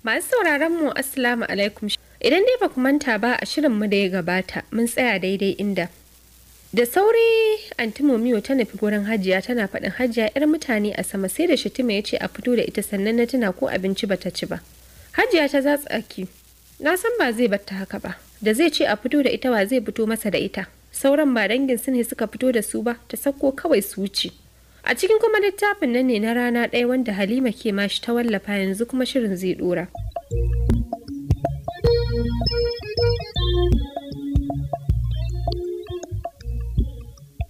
Masu sauraron mu Assalamu alaikum. Idan dai ba ku manta ba a shirin mu da ya gabata mun tsaya daidai inda. Da sauri Antimomio ta nufi gurin hajiya tana faɗin hajiya 'yar mutane a sama sai da Shatima ya ce a fito da ita sannan na tuna ko abinci bata ci ba. Hajiya ta za tsaki. Na san ba zai batta haka ba. Da zai ce a fito da ita wa zai fito masa da ita. sauran ba dangin su ne suka fito da su ba ta sakko kawai su wuce a cikin kuma littafin nan ne na rana ɗaya wanda halima ke mashi ta wallafa yanzu kuma shirin zai ɗora.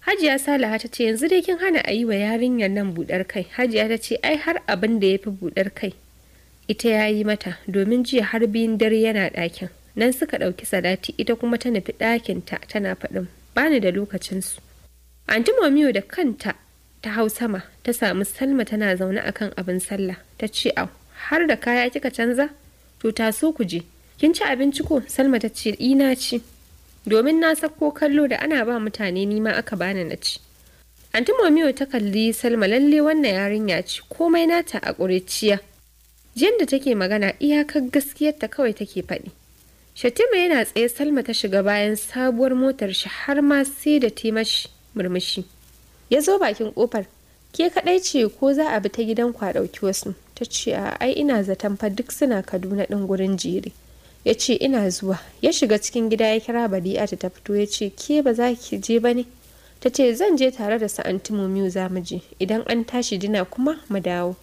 Hajiya Salaha ta ce yanzu dai kin hana a yi wa yarinyar nan buɗar kai. Hajiya ta ce ai har abin da ya fi budar kai. Ita ya yi mata domin jiya har biyun dare yana ɗakin. nan suka ɗauki sadati ita kuma ta nufi ɗakinta tana faɗin Ba ni da lokacinsu anti momiyo da kanta ta hau sama ta samu salma tana zaune akan abin sallah ta ce au har da kaya kika canza to taso ku je kin ci abinci ko salma ta ce ina ci domin na sako kallo da ana ba mutane nima aka bani na ci anti momiyo ta kalli salma lalle wannan yarinya ce komai nata a ƙuriciya jiyan da take magana iyakar gaskiyarta kawai take faɗi Shatima yana tsaye Salma ta shiga bayan sabuwar motar shi har ma sai da timash murmushi. Ya zo bakin kofar, ke kaɗai ce ko za a bi ta gidan kwa ɗauki wasu. Ta ce a ai ina zaton fa duk suna Kaduna din gurin jere. Ya ce ina zuwa, ya shiga cikin gida ya kira Badi'a ta fito ya ce ke ba za ki je ba ne? Ta ce zan je tare da su miyu za mu je, idan an tashi dina kuma mu dawo.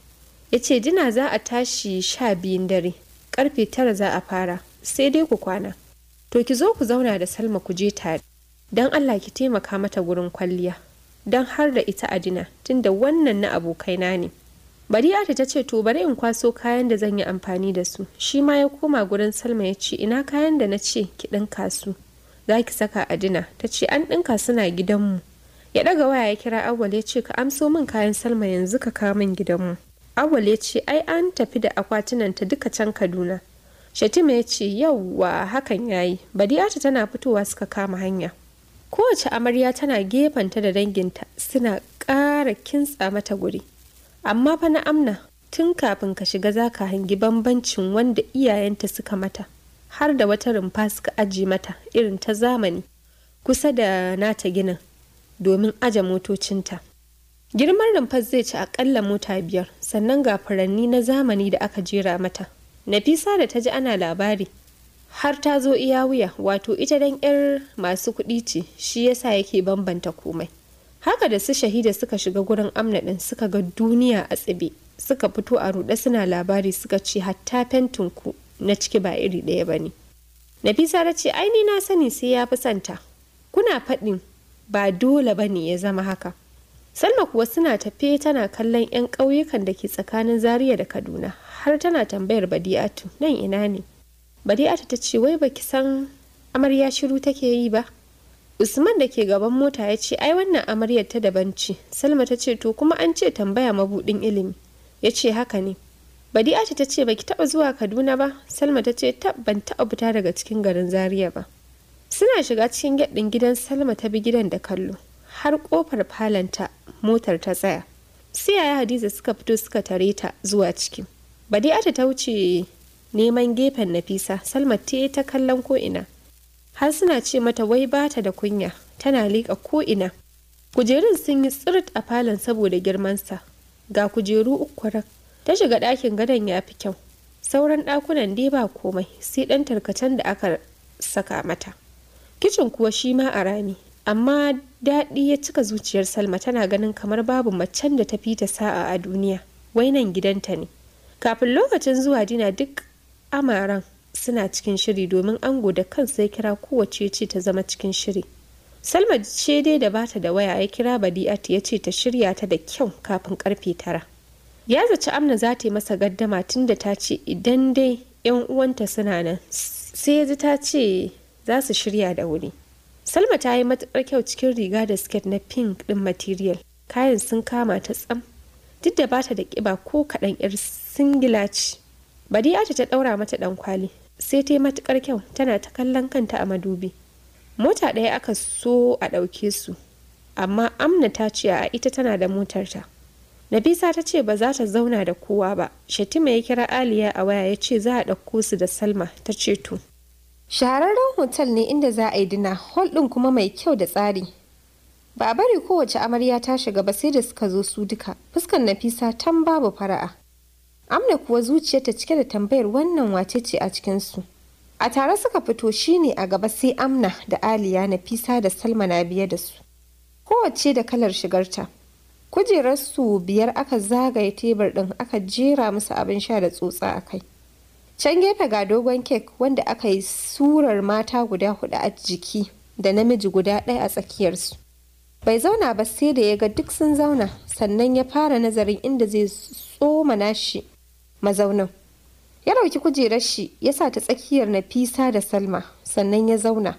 Ya ce dina za a tashi sha biyun dare, karfe tara za a fara. sai dai ku kwana to ki zo ku zauna da salma ku je tare don allah ki taimaka mata gurin kwalliya don har da ita adina tunda wannan na abokaina ne bari ta ce to bari in kwaso kayan da zan yi amfani da su shi ma ya koma gurin salma ya ce ina kayan da na ce ki ɗinka su za ki saka adina ta ce an ɗinka suna gidanmu ya ɗaga waya ya kira awwal ya ce ka amso min kayan salma yanzu ka kawo min gidanmu awwal ya ce ai an tafi da akwatunan duka can kaduna shatima ya ce yauwa hakan yayi badiyata tana fitowa suka kama hanya kowace amarya tana gefanta da danginta suna ƙara kintsa mata guri amma fa na amna tun kafin ka shiga za ka hangi bambancin wanda iyayenta suka mata har da wata rumfa suka aji mata irin ta zamani kusa da nata ginin domin aje motocinta girman rumfar zai ci akalla mota biyar sannan ga furanni na zamani da aka jera mata Nafisa da ta ji ana labari har ta zo iya wuya wato ita dan yar masu kuɗi ce shi yasa yake bambanta komai. Haka da su shahida suka shiga gurin amna ɗin suka ga duniya a tsibe suka fito a ruɗe suna labari suka ce hatta fentin ku na ciki ba iri ɗaya ba ne. Nafisa ta ce aini na sani sai ya fi santa kuna faɗin ba dole ba ne ya zama haka. Salma kuwa suna tafe tana kallon 'yan ƙauyukan da ke tsakanin Zaria da Kaduna har tana tambayar badi'atu nan ina ne badi'atu ta ce wai baki san amarya shiru take yi ba usman da ke gaban mota ya ce ai wannan amaryar ta daban ce salma ta ce to kuma an ce tambaya mabudin ilimi ya ce haka ne badi'atu ta ce baki taba zuwa kaduna ba salma ta ce ban taba fita daga cikin garin zaria ba suna shiga cikin gyaɗin gidan salma ta bi gidan da kallo har kofar falanta motar ta tsaya sai yaya hadiza suka fito suka tare ta zuwa ciki badi'atu ta wuce neman gefen nafisa salma te ta kallon ko'ina har suna ce mata wai bata da kunya tana liƙa ko'ina kujerun sun yi tsirt a falon saboda girmansa ga kujeru uku ta shiga ɗakin gadon ya fi kyau sauran ɗakunan dai ba komai sai ɗan tarkacen da aka saka mata kicin kuwa shi ma a rami amma daɗi ya cika zuciyar salma tana ganin kamar babu macen da ta fita sa'a a duniya wai nan gidanta ne kafin lokacin zuwa dina duk amaran suna cikin shiri domin ango da kan ya kira kowace ce ta zama cikin shiri salma ce dai da bata da waya ya kira badi'at ya ce ta shirya ta da kyau kafin karfe tara ya zaci amna za ta yi masa gaddama tun da ta ce idan dai yan uwanta suna nan sai ya ji ta ce za su shirya da wuri salma ta yi matuƙar kyau cikin riga da siket na pink ɗin material kayan sun kama ta tsam duk da bata da kiba ko kaɗan yar singila ce bari ta ɗaura mata ɗan kwali sai ta yi matuƙar kyau tana ta kallon kanta a madubi mota ɗaya aka so a ɗauke su amma amna ta ce a ita tana da motarta nabisa ta ce ba za ta zauna da kowa ba shatima ya kira aliya a waya ya ce za a ɗauko su da salma ta ce to shahararren hotel ne inda za a yi dina hol ɗin kuma mai kyau da tsari ba a bari kowace amarya ta shiga ba sai da suka zo su duka fuskar nafisa tan babu fara'a amna kuwa zuciyarta cike da tambayar wannan wace ce a cikinsu a tare suka fito shine a gaba sai amna da aliya nafisa da salma na biye da su kowace da kalar shigarta kujerar su biyar aka zagaye tebur din aka jera musu abin sha da tsotsa a kai can gefe ga dogon kek wanda aka yi surar mata guda hudu a jiki da namiji guda ɗaya a tsakiyarsu bai zauna ba sai da ya ga duk sun zauna sannan ya fara nazarin inda zai tsoma nashi mazaunin ya ɗauki kujerar shi ya sa ta tsakiyar nafisa da salma sannan ya zauna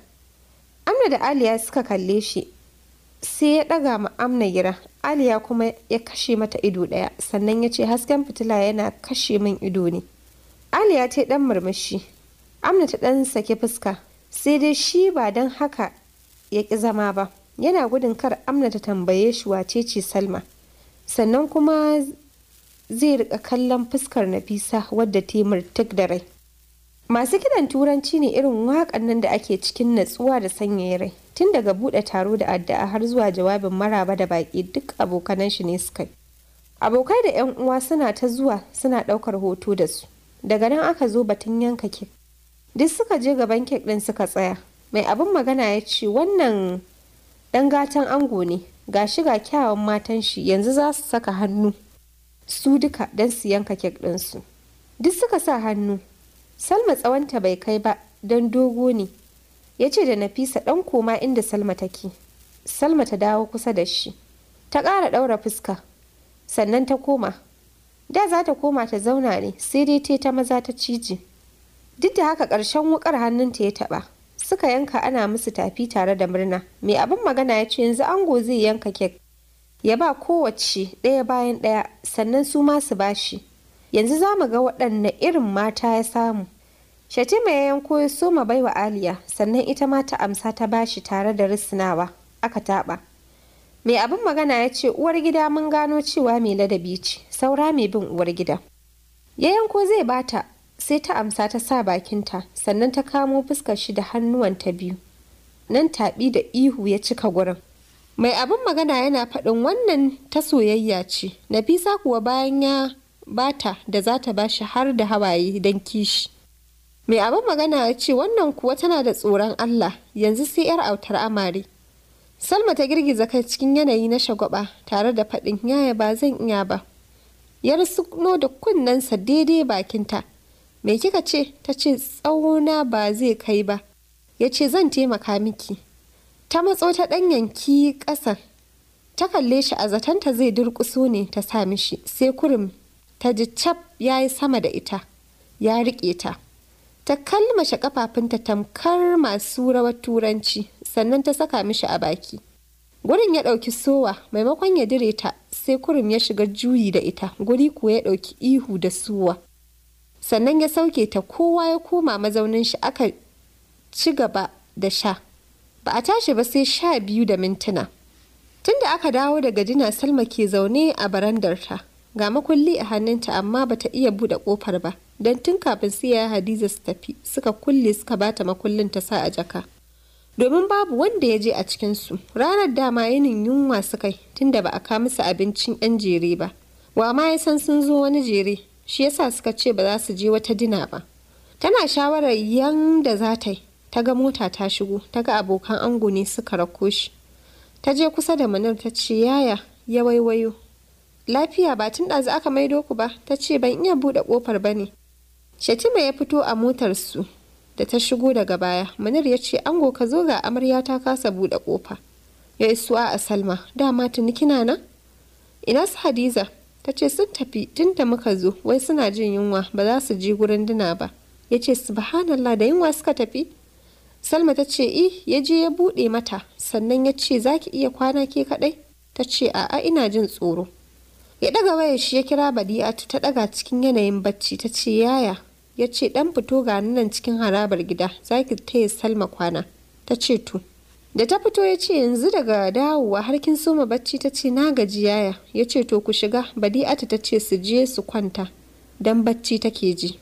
amna da aliya suka kalle shi sai ya ɗaga ma amna gira aliya kuma ya kashe mata ido ɗaya sannan ya ce hasken fitila yana kashe min ido ne aliya ta ɗan murmushi amna ta ɗan sake fuska sai dai shi ba don haka ya ƙi zama ba yana gudun kar amna ta tambaye shi wace ce salma sannan kuma zai rika kallon fuskar nafisa wadda ta tuk da rai masu kiɗan turanci ne irin waƙan nan da ake cikin natsuwa da sanyaya rai tun daga buɗe taro da addu'a har zuwa jawabin maraba da baƙi duk abokanan shi ne suka abokai da 'yan uwa suna ta zuwa suna ɗaukar hoto da su daga nan aka zo batun yanka kek duk suka je gaban kek ɗin suka tsaya mai abin magana ya ce wannan dan gatan ango ne ga shi ga kyawun matan shi yanzu za su saka hannu su duka don su yanka kek ɗinsu duk suka sa hannu salma tsawonta bai kai ba don dogo ne ya ce da nafisa ɗan koma inda salma take salma ta dawo kusa da shi ta ƙara ɗaura fuska sannan ta koma da za ta koma ta zauna ne sai dai ta maza ta ciji duk da haka ƙarshen wukar hannunta ya taɓa suka yanka ana musu tafi tare da murna mai abin magana ya ce yanzu ango zai yanka kek ya ba kowace ɗaya bayan ɗaya sannan su ma su bashi yanzu za mu ga waɗanne irin mata ya samu shatima ya yanko ya so soma baiwa aliya sannan ita ma ta amsa ta bashi tare da risinawa aka taɓa mai abin magana ya ce uwar gida mun gano cewa mai ladabi ce saura mai bin uwar gida ya yanko zai bata sai ta amsa ta sa bakinta sannan ta kamo fuskar shi da ta biyu nan taɓi da ihu ya cika gurin mai abin magana yana faɗin wannan ta soyayya ce nafisa kuwa bayan ya bata da za ta bashi har da hawaye don kishi mai abin magana ya ce wannan kuwa tana da tsoron allah yanzu sai yar autar amare salma ta girgiza kai cikin yanayi na shagwaba tare da faɗin yaya ba zan iya ba ya suno da kunnensa daidai bakinta Mai kika ce ta ce tsauna ba zai kai ba ya ce zan taimaka miki ta matso ta ɗan yanki ƙasa ta kalle shi a zatanta zai durƙuso ne ta sa mishi sai kurum ta ji cap ya yi sama da ita ya riƙe ta ta kalmashe ta tamkar masu rawar turanci sannan ta saka mishi a baki gurin ya ɗauki sowa maimakon ya dire ta sai kurum ya shiga juyi da ita guri kuwa ya ɗauki ihu da suwa sannan ya sauke ta kowa ya koma mazaunin shi aka ci gaba da sha ba a tashi ba sai sha biyu da mintuna tunda aka dawo daga dina salma ke zaune a barandarta ga makulli a hannunta amma bata iya buɗe ƙofar ba don tun kafin ya hadiza su tafi suka kulle suka bata makullin ta sa a jaka domin babu wanda ya je a cikinsu ranar dama yinin yunwa suka kai tunda ba a ka musu abincin yan jere ba wa ma ya san sun zo wani jere shi yasa suka ce ba za su je wata dina ba tana shawarar yanda za ta yi ta ga mota ta shigo ta ga abokan ango ne suka rako shi ta je kusa da manar ta ce yaya ya waiwayo lafiya ba tun ɗazu aka maido ku ba ta ce ban iya buɗe ƙofar ba ne shatima ya fito a motar su da ta shigo daga baya manar ya ce ango ka zo ga amarya ta kasa buɗe ƙofa ya isuwa a salma dama tuni kina na? ina su hadiza ta ce sun tafi tun da muka zo wai suna jin yunwa ba za su je gurin dina ba ya ce subhanallah da yunwa suka tafi salma ta ce i eh, ya je ya buɗe mata sannan ya ce za ki iya kwana ke kaɗai ta ce a'a ina jin tsoro ya ɗaga wayar shi ya kira badi'atu ta ɗaga cikin yanayin bacci ta ce yaya ya ce ɗan fito ga nan cikin harabar gida za ki taya salma kwana ta ce to da ta fito ya ce yanzu daga dawowa har kin soma bacci ta ce na gaji yaya ya ce to ku shiga Badiata ta ce su je su kwanta don bacci take ji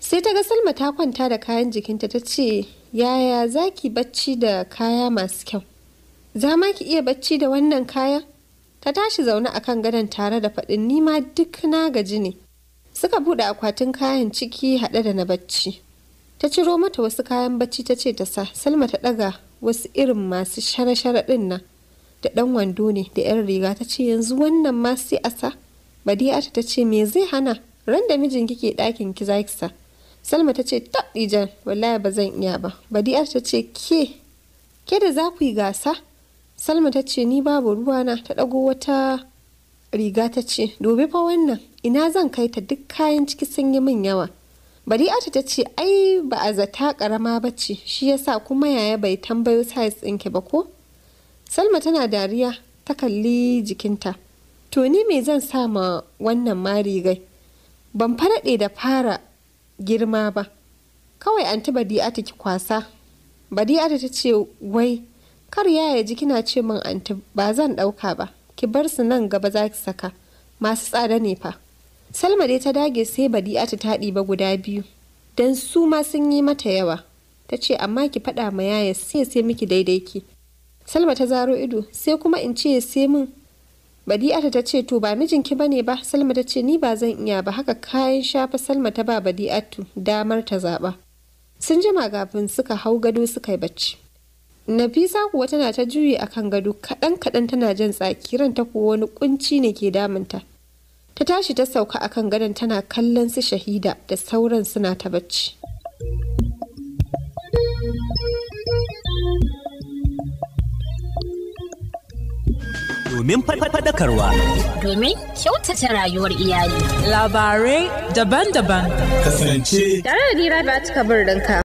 sai ta ga salma ta kwanta da kayan jikinta ta ce yaya za ki bacci da kaya masu kyau za ma ki iya bacci da wannan kaya ta tashi zaune a kan gadon tare da faɗin nima duk na gaji ne suka buɗe akwatin kayan ciki haɗe da na bacci ta ciro mata wasu kayan bacci ta ce ta sa salma ta ɗaga wasu irin masu shara-shara ɗin nan da ɗan wando ne da 'yan riga ta ce yanzu wannan ma sai a sa badiyata ta ce me zai hana ran da mijin kike ɗakin ki za ki sa salma ta ce ta ijan wallahi ba zan iya ba badiyata ta ce ke ke da za ku yi gasa salma ta ce ni babu ruwa na ta ɗago wata riga ta ce dobe fa wannan ina zan kai ta duk kayan ciki sun yi min yawa Bari'atu ta ce ai ba a zata karama ba ce shi yasa kuma yaya bai tambayo size ɗinki ba ko? Salma tana dariya ta kalli jikinta. To ni me zan sa ma wannan marigai? Ban faraɗe da fara girma ba. Kawai anti Badi'atu ki kwasa. Badi'atu ta ce wai kar yaya ji kina ce min anti ba zan ɗauka ba. Ki bar su nan gaba za ki saka. Masu tsada ne fa. Salma dai ta dage sai Badi'atu ta ba guda biyu, don su ma sun yi mata yawa. Ta ce, amma ki faɗa ma yaya sai sai miki daidai ki. Salma ta zaro ido, sai kuma in ce sai mun Badi'atu ta ce, to ba mijinki bane ba, Salma ta ce, ni ba zan iya ba, haka kayan shafa Salma ta ba Badi'atu damar ta zaɓa. Sun jima kafin suka hau gado suka yi bacci. Nafisa kuwa tana ta juyi akan gado kaɗan kaɗan tana jan tsaki ranta kuwa wani kunci ne ke damunta. ta tashi ta sauka akan gadon tana kallon su shahida da sauran suna ta bacci domin faɗakarwa. Domin kyautata rayuwar iyali. Labarai daban-daban. Kasance. Tare da ni ba a cika birninka.